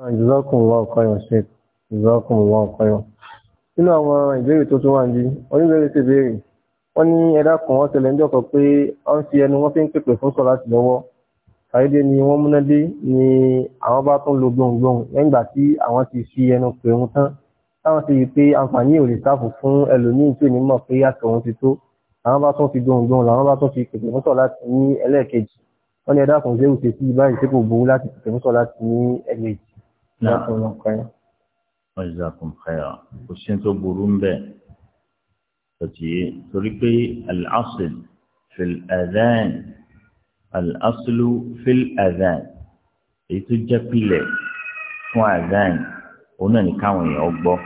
Jazakumullahu khairan Sheikh. Jazakumullahu khairan. Nínú àwọn ìbéèrè tó tún wà ní, oníbẹ̀rẹ̀ ti béèrè. Wọ́n ní ẹ̀dá kan wọ́n tẹ̀lé ẹjọ́ kan pé ó ń fi ẹnu wọ́n fi ń pèpè fún sọ láti lọ́wọ́. Àìdé ni wọ́n múná dé ni àwọn bá tún lo gbohùngbohùn lẹ́yìn ìgbà tí àwọn ti fi ẹnu pè wọn tán. Táwọn ti rí pé àǹfààní ò lè sáàfù fún ẹlòmíín tí ò ní mọ̀ pé àtọ̀ wọn ti tó. Àwọn bá tún fi gbohùngbohùn làwọn bá tún fi pèpè fún sọ láti ní ẹlẹ́ẹ̀kejì. Wọ́n ní ẹ̀dá kan ṣe é wù sí báyìí tí kò burú láti pèpè fún sọ láti ní ẹ̀ẹ̀mejì wọ́n ṣe àkùn kẹrà kò sí tó burú ń bẹ̀ tòtí torí pé al-asl fil adhan al-aslu fil adhan èyí tó jẹ́ pilẹ̀ fún adhan òun náà ní káwọn èèyàn gbọ́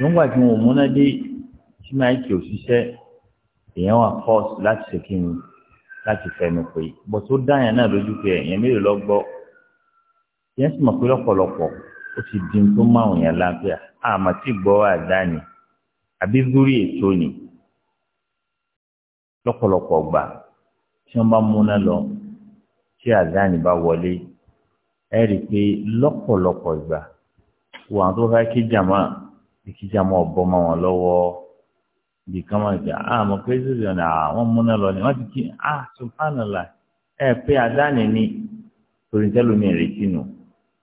nígbà tí wọn múná dé tí máìkì òṣìṣẹ́ èèyàn wà pọ́s láti ṣe kí ni láti fẹnu pé bó tó dáyàn náà lójú pé èèyàn mélòó lọ gbọ́ yẹn sì mọ̀ pé lọ́pọ̀lọpọ̀ ó ti di tó máwùn yẹn lápẹ́à àmọ́ tí gbọ́ àdáni àbí ètò ni lọ́pọ̀lọpọ̀ gbà tí wọ́n bá múná lọ tí àdáni bá wọlé ẹ rí i pé lọ́pọ̀lọpọ̀ ìgbà àwọn tó fẹ́ kí kí ọ̀bọ wọn lọ́wọ́ bí gbà àmọ́ pé ọ̀nà àwọn múná ni wọ́n ti kí ah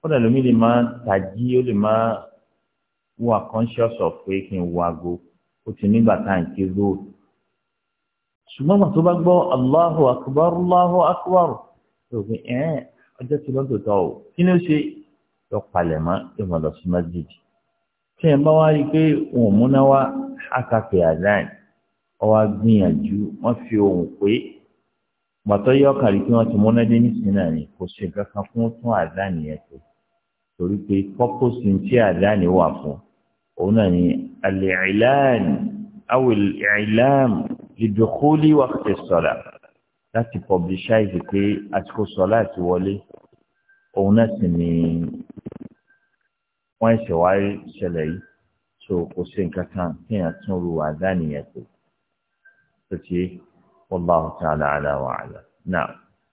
kódà lómi lè máa tàjí ó lè máa wà conscious of pé kí n wo ó ti nígbà tá à ń gbọ́ Allahu Akubarulahu Akubaru, akbar òfin ẹ̀ ọjọ́ tí lọ́n tó o kí ni ó ṣe lọ palẹ̀ mọ́ ìmọ̀ lọ sí masjid bá wá rí i pé òun múná wá ọwọ́ gbìyànjú wọ́n fi pé yọ torí pé pọ́pọ́sì tí àdáni wà fún òun náà ni al-i'lan aw al-i'lam li-dukhuli waqti as-salat láti publicize pé àsìkò sọlá ti wọlé òun náà sì ni wọ́n ṣe wá ṣẹlẹ̀ yìí so kò sí nǹkan kan kéèyàn tún ru àdáni yẹn tó tó ti wallahu ta'ala ala wa ala náà.